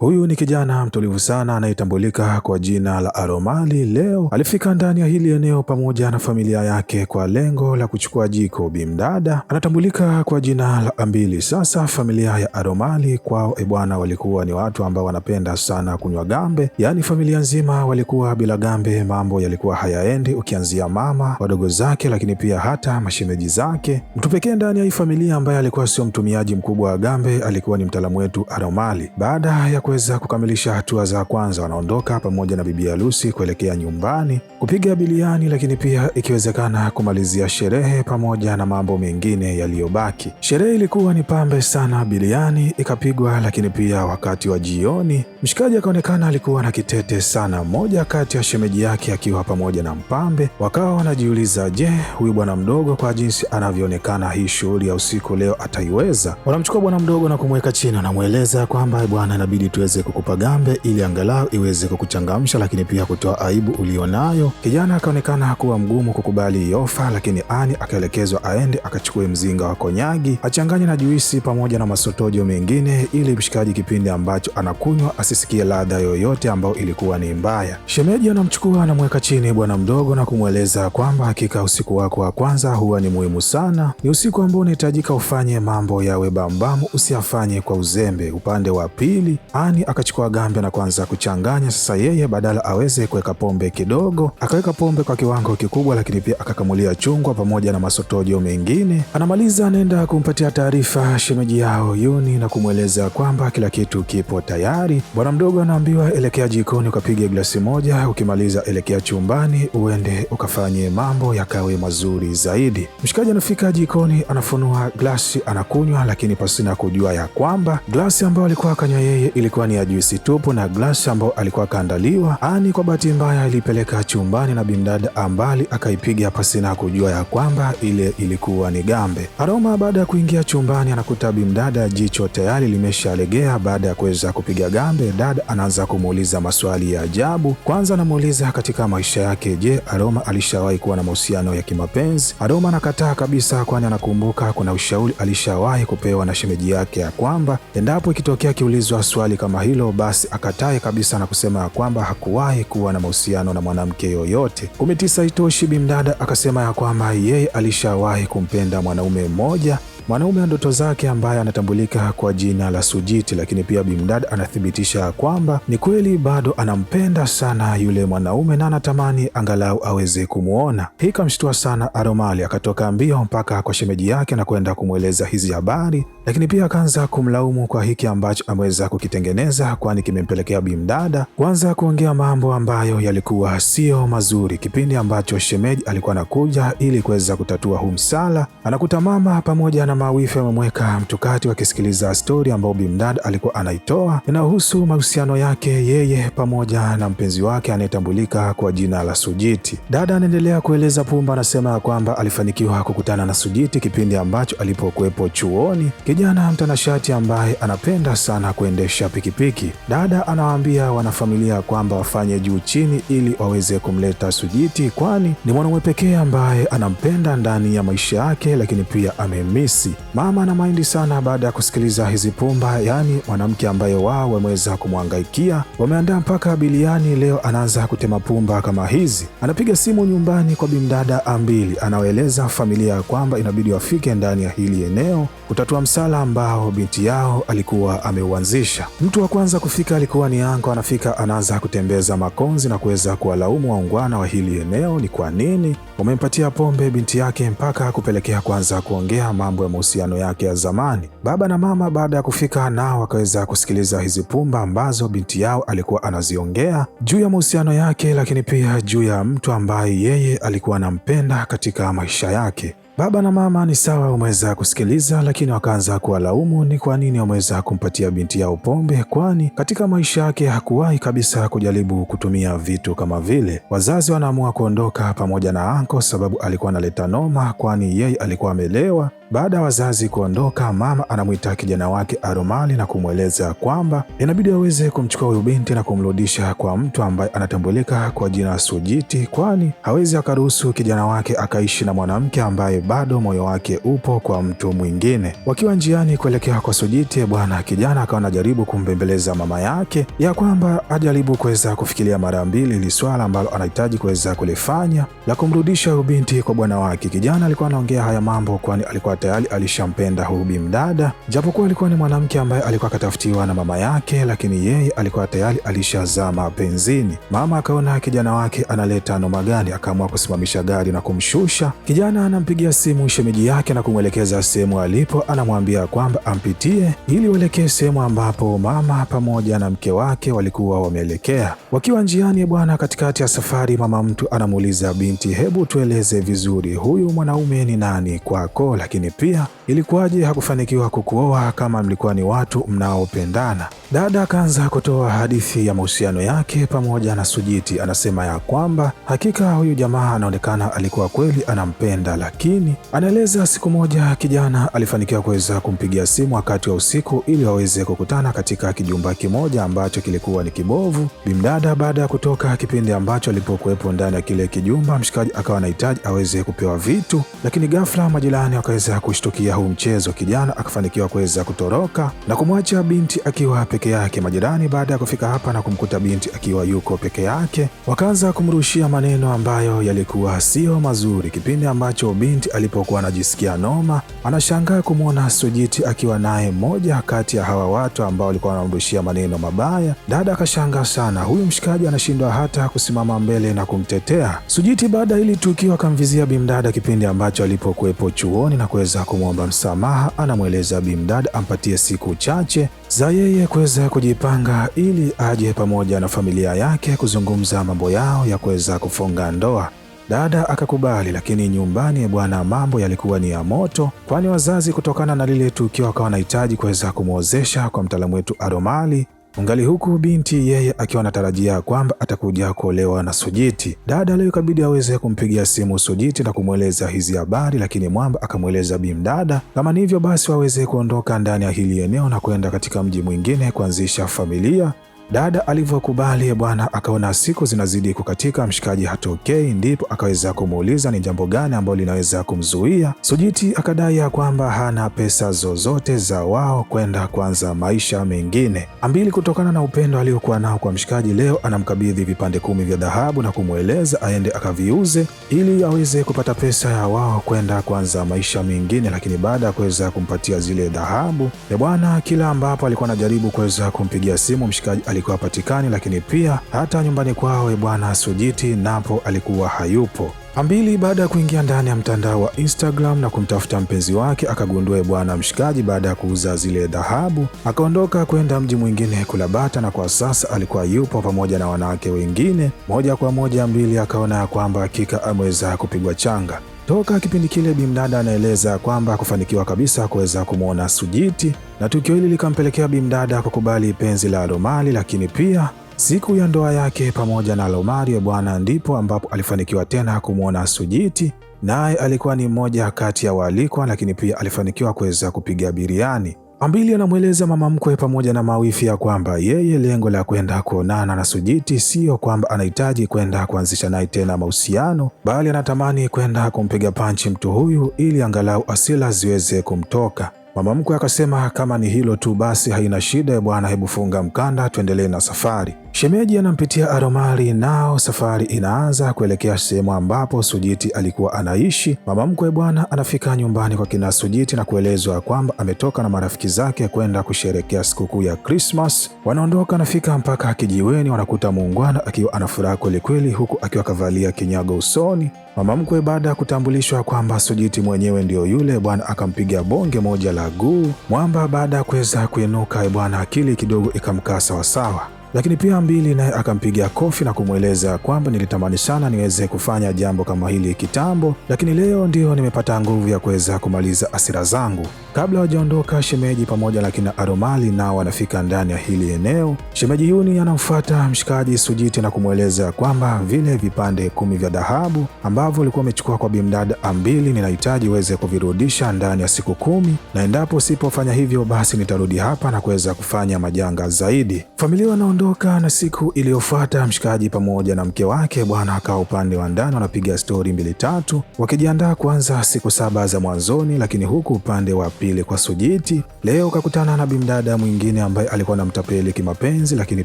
Huyu ni kijana mtulivu sana anayetambulika kwa jina la Aromali. Leo alifika ndani ya hili eneo pamoja na familia yake kwa lengo la kuchukua jiko. Bimdada anatambulika kwa jina la Ambili. Sasa familia ya Aromali kwao, ebwana, walikuwa ni watu ambao wanapenda sana kunywa gambe, yaani familia nzima walikuwa bila gambe mambo yalikuwa hayaendi, ukianzia mama, wadogo zake, lakini pia hata mashemeji zake. Mtu pekee ndani ya hii familia ambaye alikuwa sio mtumiaji mkubwa wa gambe alikuwa ni mtaalamu wetu Aromali. Baada ya kuweza kukamilisha hatua za kwanza, wanaondoka pamoja na bibi harusi kuelekea nyumbani kupiga biliani, lakini pia ikiwezekana kumalizia sherehe pamoja na mambo mengine yaliyobaki. Sherehe ilikuwa ni pambe sana, biliani ikapigwa, lakini pia wakati wa jioni mshikaji akaonekana alikuwa na kitete sana. Mmoja kati ya shemeji yake akiwa pamoja na mpambe wakawa wanajiuliza, je, huyu bwana mdogo kwa jinsi anavyoonekana, hii shughuli ya usiku leo ataiweza? Wanamchukua bwana mdogo na kumweka chini, wanamweleza kwamba bwana, inabidi tuweze kukupa gambe ili angalau iweze kukuchangamsha, lakini pia kutoa aibu ulionayo. Kijana akaonekana kuwa mgumu kukubali ofa, lakini Ani akaelekezwa aende akachukue mzinga wa konyagi achanganye na juisi pamoja na masotojo mengine, ili mshikaji kipindi ambacho anakunywa asisikie ladha yoyote ambayo ilikuwa ni mbaya. Shemeji anamchukua anamweka chini bwana mdogo na kumweleza kwamba hakika usiku wako wa kwanza huwa ni muhimu sana, ni usiku ambao unahitajika ufanye mambo yawe bambamu, usiyafanye kwa uzembe. Upande wa pili Ani mezani akachukua gambia na kuanza kuchanganya. Sasa yeye badala aweze kuweka pombe kidogo, akaweka pombe kwa kiwango kikubwa, lakini pia akakamulia chungwa pamoja na masotojo mengine. Anamaliza anaenda kumpatia taarifa shemeji yao Yuni na kumweleza kwamba kila kitu kipo tayari. Bwana mdogo anaambiwa elekea jikoni ukapige glasi moja, ukimaliza elekea chumbani uende ukafanye mambo yakawe mazuri zaidi. Mshikaji anafika jikoni, anafunua glasi, anakunywa, lakini pasina kujua ya kwamba glasi ambayo alikuwa akanywa yeye ilikuwa ilikuwa ni ya juisi tupu na glasi ambayo alikuwa akaandaliwa. Ani kwa bahati mbaya alipeleka chumbani na bindada ambali akaipiga pasina kujua ya kwamba ile ilikuwa ni gambe. Aroma baada ya kuingia chumbani anakuta bimdada jicho tayari limeshalegea baada ya kuweza kupiga gambe. Dada anaanza kumuuliza maswali ya ajabu. Kwanza anamuuliza katika maisha yake, je, Aroma alishawahi kuwa na mahusiano ya kimapenzi? Aroma anakataa kabisa, kwani anakumbuka kuna ushauri alishawahi kupewa na shemeji yake ya kwamba endapo ikitokea akiulizwa swali kama hilo, basi akatae kabisa na kusema ya kwamba hakuwahi kuwa na mahusiano na mwanamke yoyote. kumi tisa. Itoshi, bimdada akasema ya kwamba yeye alishawahi kumpenda mwanaume mmoja mwanaume wa ndoto zake ambaye anatambulika kwa jina la Sujiti, lakini pia Bimdad anathibitisha kwamba ni kweli bado anampenda sana yule mwanaume na anatamani angalau aweze kumwona. Hii ikamshtua sana Aromali, akatoka mbio mpaka kwa shemeji yake na kwenda kumweleza hizi habari, lakini pia akaanza kumlaumu kwa hiki ambacho ameweza kukitengeneza, kwani kimempelekea Bimdada kuanza kuongea mambo ambayo yalikuwa sio mazuri. Kipindi ambacho shemeji alikuwa anakuja ili kuweza kutatua huu msala, anakuta mama pamoja na Mama Wife amemweka mtukati wakisikiliza stori ambayo Bimdad alikuwa anaitoa inayohusu mahusiano yake yeye pamoja na mpenzi wake anayetambulika kwa jina la Sujiti. Dada anaendelea kueleza Pumba, anasema ya kwamba alifanikiwa kukutana na Sujiti kipindi ambacho alipokuwepo chuoni, kijana mtanashati ambaye anapenda sana kuendesha pikipiki. Dada anawaambia wanafamilia kwamba wafanye juu chini ili waweze kumleta Sujiti, kwani ni mwanaume pekee ambaye anampenda ndani ya maisha yake, lakini pia amemisi basi mama ana maindi sana baada ya kusikiliza hizi pumba, yaani mwanamke ambaye wao wameweza kumwangaikia, wameandaa mpaka biliani, leo anaanza kutema pumba kama hizi. Anapiga simu nyumbani kwa bimdada Ambili, anaoeleza familia ya kwamba inabidi wafike ndani ya hili eneo kutatua msala ambao binti yao alikuwa ameuanzisha. Mtu wa kwanza kufika alikuwa ni Anko. Anafika anaanza kutembeza makonzi na kuweza kuwalaumu waungwana wa hili eneo ni kwa nini Wamempatia pombe binti yake mpaka kupelekea kuanza kuongea mambo ya mahusiano yake ya zamani. Baba na mama baada ya kufika nao wakaweza kusikiliza hizi pumba ambazo binti yao alikuwa anaziongea juu ya mahusiano yake, lakini pia juu ya mtu ambaye yeye alikuwa anampenda katika maisha yake. Baba na mama ni sawa, wameweza kusikiliza, lakini wakaanza kuwalaumu ni kwa nini wameweza kumpatia binti yao pombe, kwani katika maisha yake hakuwahi kabisa kujaribu kutumia vitu kama vile. Wazazi wanaamua kuondoka pamoja na anko sababu alikuwa analeta noma, kwani yeye alikuwa amelewa. Baada ya wazazi kuondoka, mama anamwita kijana wake Aromali na kumweleza kwamba inabidi aweze kumchukua huyu binti na kumrudisha kwa mtu ambaye anatambulika kwa jina Sujiti, kwani hawezi akaruhusu kijana wake akaishi na mwanamke ambaye bado moyo wake upo kwa mtu mwingine. Wakiwa njiani kuelekea kwa Sujite, bwana kijana akawa anajaribu kumbembeleza mama yake ya kwamba ajaribu kuweza kufikiria mara mbili ili swala ambalo anahitaji kuweza kulifanya la kumrudisha binti kwa bwana wake. Kijana alikuwa anaongea haya mambo, kwani alikuwa tayari alishampenda huyu bimdada, japokuwa alikuwa ni mwanamke ambaye alikuwa akatafutiwa na mama yake, lakini yeye alikuwa tayari alishazama penzini Mama akaona kijana wake analeta noma gani, akaamua kusimamisha gari na kumshusha kijana. Anampigia simu shemeji yake na kumwelekeza sehemu alipo, anamwambia kwamba ampitie ili waelekee sehemu ambapo mama pamoja na mke wake walikuwa wameelekea. Wakiwa njiani bwana, katikati ya safari, mama mtu anamuuliza binti, hebu tueleze vizuri, huyu mwanaume ni nani kwako? Lakini pia ilikuwaje hakufanikiwa kukuoa kama mlikuwa ni watu mnaopendana? Dada akaanza kutoa hadithi ya mahusiano yake pamoja na Sujiti, anasema ya kwamba hakika huyu jamaa anaonekana alikuwa kweli anampenda lakini nini? Anaeleza siku moja kijana alifanikiwa kuweza kumpigia simu wakati wa usiku ili waweze kukutana katika kijumba kimoja ambacho kilikuwa ni kibovu. Bimdada baada ya kutoka kipindi ambacho alipokuwepo ndani ya kile kijumba, mshikaji akawa anahitaji aweze kupewa vitu, lakini ghafla majirani wakaweza kushtukia huu mchezo. Kijana akafanikiwa kuweza kutoroka na kumwacha binti akiwa peke yake. Majirani baada ya kufika hapa na kumkuta binti akiwa yuko peke yake, wakaanza kumrushia maneno ambayo yalikuwa siyo mazuri, kipindi ambacho binti alipokuwa anajisikia noma, anashangaa kumwona sujiti akiwa naye mmoja kati ya hawa watu ambao walikuwa wanamrushia maneno mabaya. Dada akashangaa sana, huyu mshikaji anashindwa hata kusimama mbele na kumtetea sujiti Baada ya hili tukio, akamvizia bimdada kipindi ambacho alipokuwepo chuoni na kuweza kumwomba msamaha. Anamweleza bimdada ampatie siku chache za yeye kuweza kujipanga ili aje pamoja na familia yake kuzungumza mambo yao ya kuweza kufunga ndoa. Dada akakubali, lakini nyumbani bwana, mambo yalikuwa ni ya moto, kwani wazazi kutokana na lile tukio akawa anahitaji kuweza kumwozesha kwa mtaalamu wetu Aromali ungali huku binti yeye akiwa anatarajia kwamba atakuja kuolewa na Sujiti. Dada leo ikabidi aweze kumpigia simu Sujiti na kumweleza hizi habari, lakini Mwamba akamweleza bimdada kama ni hivyo basi waweze kuondoka ndani ya hili eneo na kwenda katika mji mwingine kuanzisha familia, Dada alivyokubali bwana, akaona siku zinazidi kukatika, mshikaji hatokei ndipo akaweza kumuuliza ni jambo gani ambalo linaweza kumzuia. Sujiti akadai ya kwamba hana pesa zozote za wao kwenda kuanza maisha mengine. Ambili, kutokana na upendo aliokuwa nao kwa mshikaji, leo anamkabidhi vipande kumi vya dhahabu na kumweleza aende akaviuze ili aweze kupata pesa ya wao kwenda kuanza maisha mengine. Lakini baada ya kuweza kumpatia zile dhahabu ya bwana, kila ambapo alikuwa anajaribu kuweza kumpigia simu mshikaji alikuwa hapatikani, lakini pia hata nyumbani kwao eh, bwana Sujiti napo alikuwa hayupo. Ambili baada ya kuingia ndani ya mtandao wa Instagram na kumtafuta mpenzi wake akagundua eh, bwana mshikaji, baada ya kuuza zile dhahabu akaondoka kwenda mji mwingine kulabata, na kwa sasa alikuwa yupo pamoja na wanawake wengine. Moja kwa moja Ambili akaona ya kwamba hakika ameweza kupigwa changa. Toka kipindi kile Bimdada anaeleza kwamba kufanikiwa kabisa kuweza kumwona Sujiti na tukio hili likampelekea Bimdada kukubali penzi la Alomari, lakini pia siku ya ndoa yake pamoja na Alomari bwana, ndipo ambapo alifanikiwa tena kumwona Sujiti, naye alikuwa ni mmoja kati ya waalikwa, lakini pia alifanikiwa kuweza kupiga biriani. Ambili anamweleza mama mkwe pamoja na mawifi ya kwamba yeye lengo la kwenda kuonana na Sujiti siyo kwamba anahitaji kwenda kuanzisha naye tena mahusiano, bali anatamani kwenda kumpiga panchi mtu huyu ili angalau asila ziweze kumtoka. Mama mkwe akasema kama ni hilo tu basi haina shida bwana, hebu funga mkanda tuendelee na safari. Shemeji anampitia Aromali, nao safari inaanza kuelekea sehemu ambapo Sujiti alikuwa anaishi. Mama mkwe bwana anafika nyumbani kwa kina Sujiti na kuelezwa kwamba ametoka na marafiki zake kwenda kusherekea sikukuu ya Krismas. Wanaondoka, anafika mpaka kijiweni, wanakuta muungwana akiwa ana furaha kwelikweli, huku akiwa akavalia kinyago usoni. Mama mkwe baada ya kutambulishwa kwamba Sujiti mwenyewe ndio yule bwana, akampiga bonge moja la guu mwamba. Baada ya kuweza kuinuka bwana, akili kidogo ikamkaa sawasawa lakini pia Mbili naye akampigia kofi na kumweleza kwamba nilitamani sana niweze kufanya jambo kama hili kitambo, lakini leo ndio nimepata nguvu ya kuweza kumaliza asira zangu. Kabla hawajaondoka, shemeji pamoja na kina Aromali nao wanafika ndani ya hili eneo. Shemeji Yuni anamfuata mshikaji Sujiti na kumweleza kwamba vile vipande kumi vya dhahabu ambavyo ulikuwa umechukua kwa Bimdada Ambili ninahitaji uweze kuvirudisha ndani ya siku kumi, na endapo usipofanya hivyo, basi nitarudi hapa na kuweza kufanya majanga zaidi. Familia wanaondoka, na siku iliyofuata mshikaji pamoja na mke wake bwana akawa upande wa ndani wanapiga stori mbili tatu, wakijiandaa kuanza siku saba za mwanzoni, lakini huku upande wa pili Jumapili kwa Sujiti, leo kakutana na bimdada mwingine ambaye alikuwa na mtapeli kimapenzi, lakini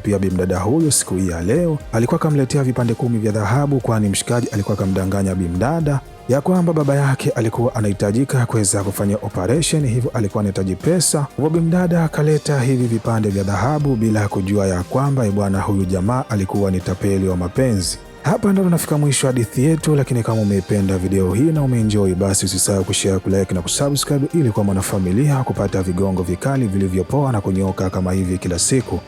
pia bimdada huyo siku hii ya leo alikuwa akamletea vipande kumi vya dhahabu, kwani mshikaji alikuwa akamdanganya bimdada ya kwamba baba yake alikuwa anahitajika kuweza kufanya operation, hivyo alikuwa anahitaji pesa. Hivyo bimdada akaleta hivi vipande vya dhahabu bila kujua ya kwamba eh, bwana huyu jamaa alikuwa ni tapeli wa mapenzi. Hapa ndo tunafika mwisho hadithi yetu, lakini kama umeipenda video hii na umeenjoy, basi usisahau kushare, kulike na kusubscribe ili kwa mwanafamilia kupata vigongo vikali vilivyopoa na kunyoka kama hivi kila siku.